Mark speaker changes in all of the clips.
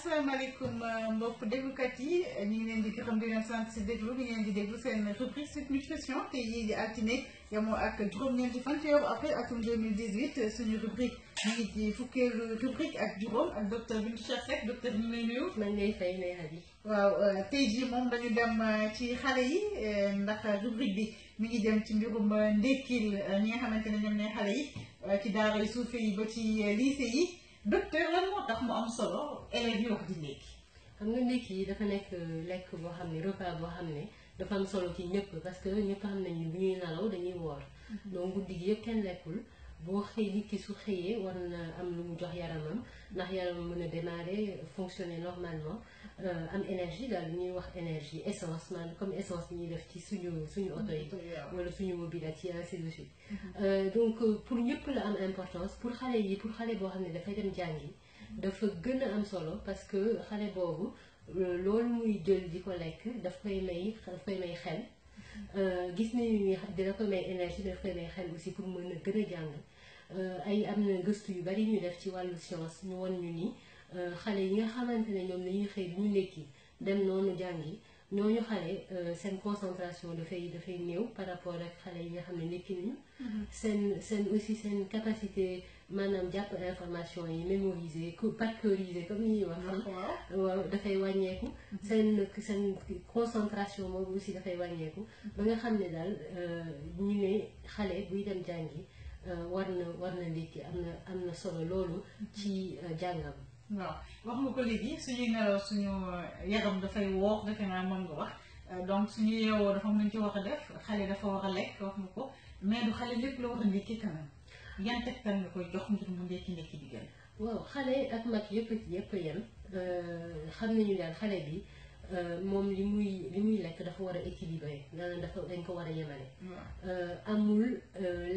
Speaker 1: asalaamaaleykum euh, mbokk déglukat yi ñu ngi leen sant si déglu ñu ngi leen di déglu te yii di altine yamoo ak juróom-ñeenti fan ci yow euh, euh, yi ndax rubrique bi mi ngi dem ci mbirum ndekkil ñi nga xamante ne ñoom ñooy xale yi. docteur lan moo tax mu am solo élèves yi wax di ndékki xam nga ndékki yi dafa nekk euh, lekk boo xam ne repas boo xam ne dafa am solo ci ñëpp parce que ñëpp xam nañu bu ñuy nalaw dañuy woor mhm. donc guddi gi yëpp kenn lekkul boo xëy nit ki su xëyee war na am lu mu jox yaramam ndax yaramam mën a démarrer fonctionner normalement euh, am énergie daal ñuy wax énergie essence maanaam comme essence bi ñuy def ci suñu suñu oto yi wala suñu mobile ak ci ainsi de suite mhm. euh, donc euh, pour ñëpp la am importance pour xale yi pour xale boo xam ne dafay dem jàngi mhm. dafa gën a am solo parce que xale boobu loolu muy jël di ko lekk daf koy may daf koy may xel Euh, gis nañu ni dina ko may énergie daf koy may xel aussi pour mën a gën a jàng euh, ay am na gëstu yu bari ñu def ci wàllu science ñu won ñu ni euh, xale yi nga xamante ne ñoom lañuy xëy bu ñu nekki dem noonu jàngi ñooñu xale seen concentration dafay dafay néew par rapport ak xale yi nga xam ne nekki nañu mm-hmm. seen seen aussi seen capacité maanaam jàpp information yi mémoriser ku pactoriser comme ni ñuy wax. waaw dafay wàññeeku. Mhm. seen seen concentration moom aussi dafay wàññeeku. Mhm. ba nga xam ne daal euh, ñu ne xale buy dem jàngi euh, war na war na ndékki am na am na solo loolu mhm. ci euh, jàngam. waaw wax nga ko léegi suñuy nelaw suñu yaram dafay woox defe naa mën nga wax donc suñu yeewoo dafa am nañ ci wax a def xale dafa war a lekk wax nga ko mais du xale lépp la war a ndékki quand ñaata tam nga koy jox ngir mu ndekki ndekki bi gën. waaw xale ak mag yëpp yëpp yem euh, xam nañu daal xale bi euh, moom li muy li muy lekk dafa war a équilibré maanaam dafa dañ ko war a yemale. Euh, amul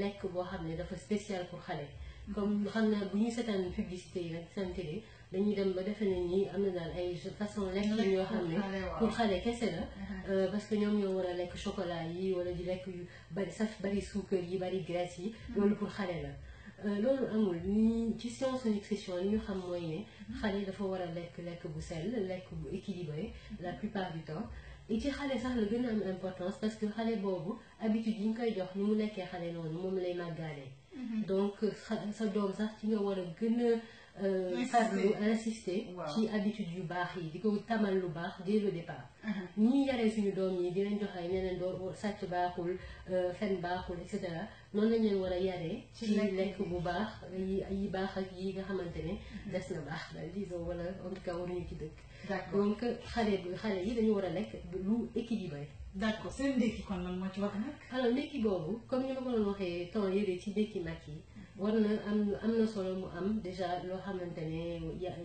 Speaker 1: lekk boo xam ne dafa spécial pour xale. Mm-hmm. comme xam naa bu ñuy seetaan publicité yi nag seen télé dañuy dem ba defe ne nii am na daal ay façon lekk yoo xam ne pour xale kese la uh-huh. euh, parce que ñoom ñoo war a lekk chocolat yi wala di lekk yu bari saf bari suukar yi bari graisse yi uh-huh. loolu pour xale la euh, loolu amul ñu ni ci science nutrition li ñu xam mooy ne uh-huh. xale dafa war a lekk lekk bu sell lekk bu équilibré la plupart du temps ci xale sax la gën a am importance parce que xale boobu habitude yi ñu koy jox ni mu lekkee xale noonu moom lay màggaale donc sa doom sax ci nga war a gën farlu euh, insister ci habitude yu baax yi di ko tamal lu baax dès le départ mhm. ñii yaree suñu doom yi di leen jox ay neneen doon oh, sàcc baaxul euh, fen baaxul et cetera noonu lañ leen war a yaree ci lekk bu baax yi baax ak yi nga xamante ne mhm. des na baax daal disons wala en tout cas waruñu ci dëkk donc xale bi xale yi dañu war a lekk lu équilibré d' accord seen ndékki kon lan moo ci wax nag alors ndékki boobu comme ni ma ko doon waxee temps yële ci ndékki mag yi war na am am na solo mu am déjà loo xamante ne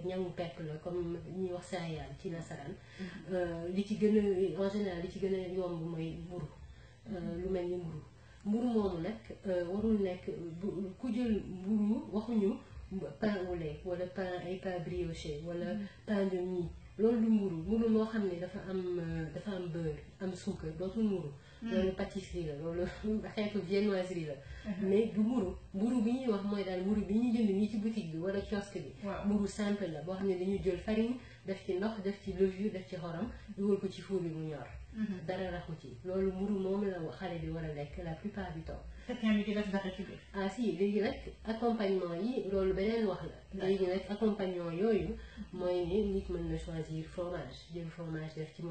Speaker 1: ñangu pekk la comme ñuy wax céréale ci nasaraan mhm. euh, li ci gën a en li ci gën a yomb mooy mburu euh, mhm. lu mel ni mburu mburu moomu nag euh, warul nekk ku jël mburu waxuñu pain au lait wala pain ay pain brioché wala mhm. pain de mie loolu mburu mburu moo xam ne dafa am dafa am beurre am suukar dootul mburu Mm. loolu pâtisserie la loolu xeetu viennoiserie la mais du mburu mburu bi ñuy wax mooy daal mburu bi ñu jënd nii ci boutique bi wala kiosque bi mburu simple la boo xam ne dañuy jël farine def ci ndox def ci levure def ci xorom dugal ko ci four bi mu ñor mm-hmm. dara raxu ci loolu mburu moom la xale bi war a lekk la plupart du temps ah si léegi nag accompagnement yi loolu beneen wax la léegi nag accompagnement yooyu mooy ni nit mën na choisir fromage jël fromage def ci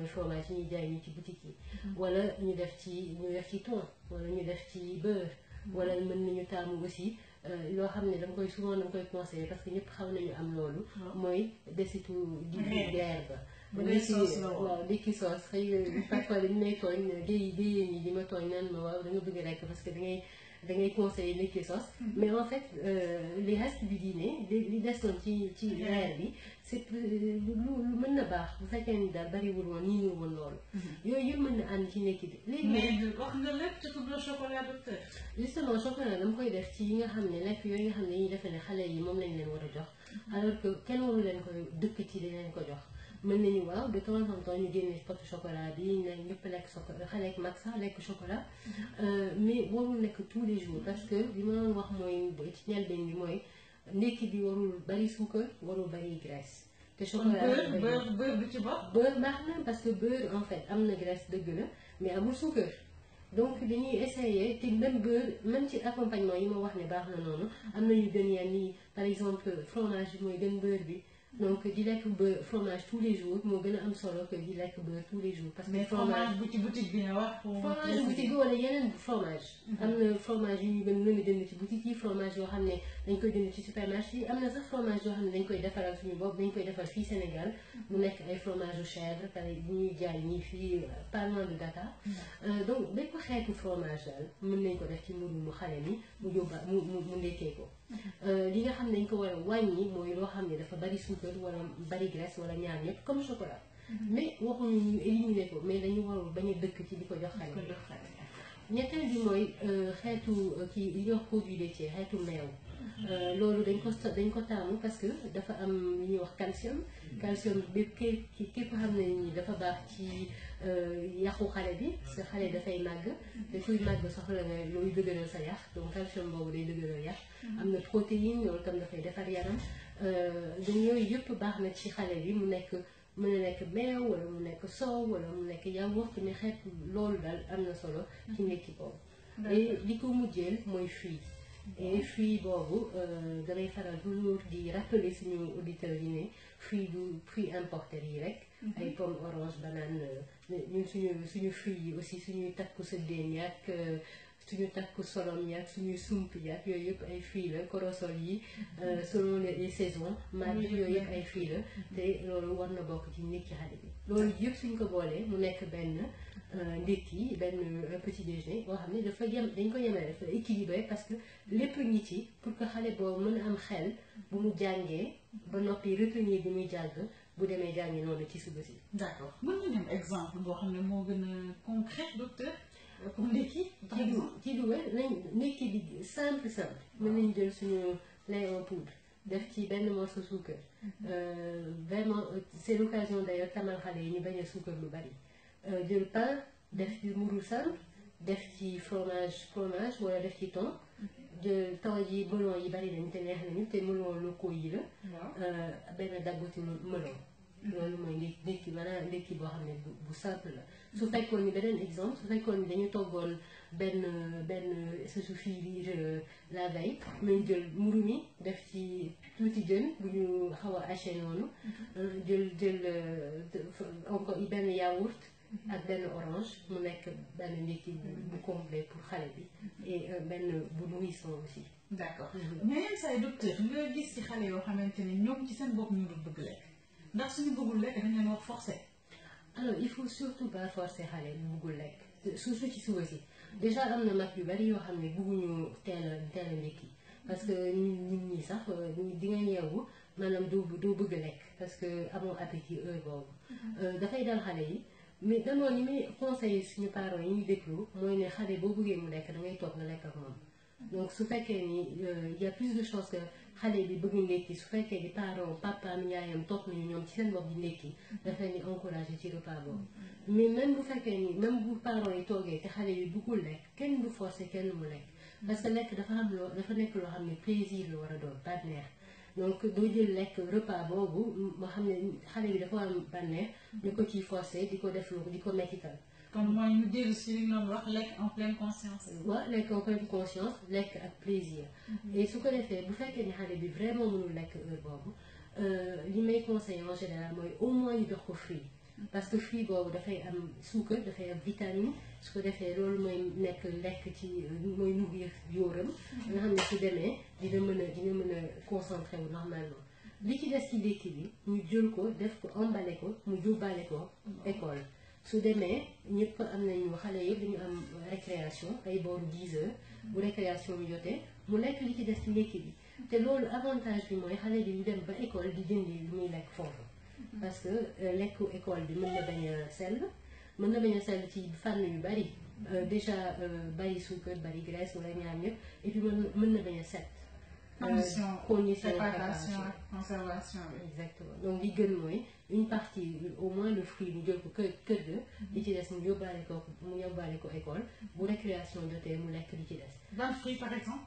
Speaker 1: jaay ñu ci boutique yi mm-hmm. wala ñu def ci ñu def ci thon wala ñu def ci beurre wala mm-hmm. mën nañu taamu aussi euh, loo xam ne dama koy souvent dama koy conseillé parce que ñëpp xam nañu am loolu ah. mooy desitu di der ba ndekki waaw ndekki soos xëy parfois dañu may tooñ géyi géyéen yi di ma tooñ naan ma waaw da nga bëgg rekk parce que da da ngay conseillé nit ki sos mm-hmm. mais en fait euh, li reste bi diine li desoon ci ci reer bi c'est euh, lu lu mën na baax bu fekkee ni daal bariwul woon nii ñu woon loolu mm-hmm. yooyu yëpp mën na ànd ci nekki di léegi wax nga lépp te tudd la chocolat docteur justement chocolat dama koy def ci yi nga xam ne lekk yooyu nga xam ne ñu defee ne xale yi moom lañ leen war a jox mm-hmm. alors que kenn waru leen koy dëkk ci di leen ko jox mën nañu wax de temps en temps ñu génne potu chocolat bi ne ñëpp lekk chocolat xale ak mag sax lekk chocolat mhm. euh, mais warul nekk tous les jours parce que li ma doon wax mooy ci ñelbeen bi mooy ndekki bi warul bari suukar warul bari graisse. te chocolat beurre beurre ci bopp. beurre baax na parce que beurre en fait am na graisse dëgg la mais amul suukar donc dañuy essayer te même beurre même ci accompagnement yi ma wax ne baax na noonu am na ñu gën yenn yi par exemple fromage bi mooy gën beurre bi. donc di lekk beurre fromage tous les jours moo gën a am solo que di lekk beurre tous les jours. parce que fromage bu ci boutique bi nga wax. fromage boutique bi wala yeneen fromage. Mhm. na fromage yu ñu gën mën jënd ci boutique yi fromage yoo xam ne dañ koy jënd ci supermarché yi am na sax fromage yoo xam ne dañ koy defaral suñu bopp dañ koy defar fii Sénégal mhm. mu nekk ay fromage chèvre pare bu ñuy jaay nii fii euh, pas loin de Dakar. Mhm. Euh, donc ko xeetu fromage daal mën nañ ko def ci mburu mu xale mi mu yóbba mu mu mu ndekkee ko. Euh, li nga xam ne dañ ko war a wàññi mooy loo xam ne dafa bari suukar wala bari graisse wala ñaar yëpp comme chocolat. Mhm. mais waxuñu ñu éliminer ko mais dañu warul bañ a dëkk ci di ko jox xale. ñetteel bi mooy euh, xeetu euh, kii li ñuy wax produit laitier xeetu meew. Euh, loolu dañ ko dañ ko taamu parce que dafa am lu ñuy wax calcium calcium bi képp képp xam ne ni dafa baax ci euh, yaxu xale bi sa xale dafay màgg te kuy màgg soxla nga looy dëgëral sa yàq donc calcium boobu day dëgëral yàq mm-hmm. am na protéine loolu tam dafay defar yaram euh, dañ yooyu yëpp baax na ci xale bi mu nekk mu na nekk meew wala mu nekk soow wala mu nekk yaourt mais xeet loolu daal am na solo ci mm-hmm. ndekki boobu li ko mujjeel mooy fii et fruit boobu euh, damay faral toujours di rappeler suñu auditeurs yi ne fruit du fruit importé yi rek mhm. ay pomme orange banane euh, ñun suñu suñu fruit yi aussi suñuy takku sëddeen yi ak euh, suñu takku solom yaag suñu sump yaag yooyu yëpp ay fii la korosol yi selon les saisons màgg yooyu yëpp ay fii te loolu war na bokk ci ndékki xale bi loolu yëpp suñ ko boolee mu nekk benn ndékki benn petit déjeuner boo xam ne dafa yem dañ ko yemee dafa équilibré parce que lépp ngi ci pour que xale boobu mën a am xel mu jàngee ba noppi retenir bi muy jàng bu demee jàngi noonu ci suba boo xam ne moo gën a concret docteur pour ndékki ci du ci dugal nañ simple simple mën nañ jël suñu lait en def ci benn morceau suukar mhm. euh, vraiment c'est l'occasion d'ailleurs tamal xale yi ñu bañ a suukar lu bari euh, jël pain def ci mburu simple def ci fromage fromage wala def ci thon mhm. jël taw ji melon yi bari nañ te neex nañu te melon locaux la euh, benn daggati melon loolu mooy ndékki balaa ndékki boo xam ne bu simple la su fekkoon ni beneen exemple su fekkoon ni dañu toggoon benn benn sauce fiiriir la veille nañ jël mburu def ci ci jën bu ñu xaw a haché noonu jël jël encore benn yaourt ak benn orange mu nekk benn ndékki bu complet pour xale bi et benn bu nourrisson aussi d'accord mais yenn saa yi docteur nga gis ci xale yoo xamante ne ñoom ci seen bopp ñu dul bëgg lekk ndax suñu bëggul lekk dañ leen wax forcé alors il faut surtout pas forcer xale bi buggul lekk surtout ci suba si déjà am na mag yu bari yoo xam ne bugguñu teel a teel ndékki parce que nit ñi sax euh, di nga yeewu maanaam doo doo bëgg a lekk parce que amoo appétit heure boobu mhm. euh, dafay dal xale yi mais danoon ni muy conseillé suñu parents yi ñuy déglu mooy ne xale boo bëggee mu lekk da toog nga lekk moom mhm. donc su fekkee ni euh, il y a plus de chances que xale bi bëgg ndekki su fekkee di parent papaam yaayam toog nañu ñoom ci seen bopp di ndekki mm-hmm. daf leen di encouragé ci repas boobu mm-hmm. mais même bu fekkee ni même bu parent yi toogee te xale bi bëggul lekk kenn du forcé kenn mu lekk mm-hmm. parce que lekk dafa am loo dafa nekk loo xam ne plaisir la war a doon bànneex donc doo jël lekk repas boobu moo xam ne xale bi dafa am bànneex ñu ko ciy forcé di ko def lu di ko mettital kon mooy ñu dellu si li ñu wax lekk en pleine conscience. lekk en pleine conscience lekk ak plaisir. Mhm. su ko defee bu fekkee ni xale bi vraiment mënul lekk heure boobu euh, li may conseillé en général mooy au moins ñu jox ko fruit. Mhm. parce que fruit boobu dafay am suukar dafay am vitamine su ko defee loolu mooy nekk lekk ci euh, mooy nourrir yóoram. Mhm. nga xam ne su demee dina mën a dina mën a concentré normalement. li ci des ci lekk bi mu jël ko def ko emballé ko mu jubbale ko école. su demee ñëpp am nañu xale yëpp dañu am récréation ay booru 10 bu récréation bi jotee mu lekk li ci def ci ndékki bi te loolu avantage bi mooy xale bi ñu dem ba école di jëndi li muy lekk foofu mhm. parce que euh, lekku école bi mën na bañ a sell mën na bañ a sell ci fànn yu bari euh, déjà euh, bari suukar bari graisse wala ñaar ñëpp et puis mën na bañ a set condition euh, préparation ak conservation bi exactement donc li gën mooy une partie au moins le fruit mu jël ko kër kër ga mhm. li ci des mu yóbbaale ko mu yóbbaale ko école bu mhm. récréation jotee mu lekk li ci des ban fruit par exemple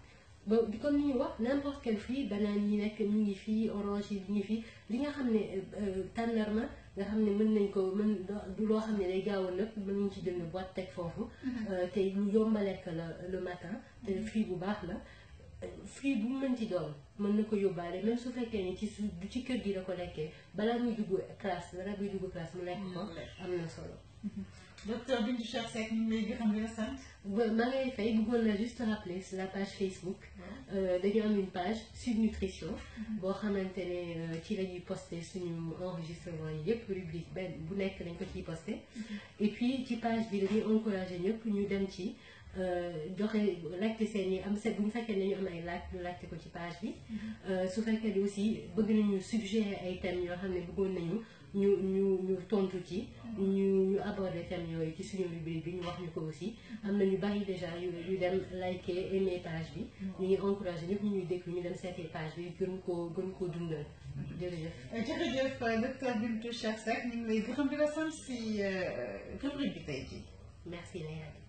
Speaker 1: ba comme ni ñu wax n'importe quel fruit banaan yi nekk mu ngi fii orange yi ñu ngi fii li nga xam ne euh, euh, tàndarma nga xam ne mën nañ ko mën du loo xam ne day gaaw a nëpp mën nañ ci jënd boîte teg foofu mhm. te lu yomba lekk la le matin te fruit bu baax la fruit bu mu ci doon mën na ko yóbbaale même su fekkee ni ci su du ci kër gi la ko lekkee balaa muy dugg classe balaa muy dugg classe mu lekk ko mm-hmm. am na solo. Mm-hmm. docteur Bintou ñu ngi lay gërëm di la sant. maa ngi lay fay bëggoon naa juste rappeler sur la page Facebook. Euh, dañu am une page Sud mm-hmm. boo xamante ne euh, ci la ñuy posté suñu enregistrement yi yëpp rubrique benn bu nekk dañ ko ci posté. et puis ci page bi dañuy encouragé ñëpp ñu dem ci. Euh, joxe laajte seen yi am set bu fekkee ne ñu am ay laaj ñu ko ci page bi mhm. euh, su fekkee bi aussi bëgg nañu suggérer ay thèmes yoo xam ne bëggoon nañu ñu ñu ñu tontu ci mhm. ñu ñu aborder thèmes yooyu ci suñu rubrique bi ñu wax ñu ko aussi mhm. am na ñu bari déjà yu yu dem liker aimer page bi ñu ngi encouragé ñëpp ñu ñuy déglu ñu dem seeti page bi gën koo gën koo dundal jërëjëf euh, jërëjëf docteur Bintou Cheikh Seck ñu ngi lay gërëm di la sant si rubrique bi tey jii merci Léa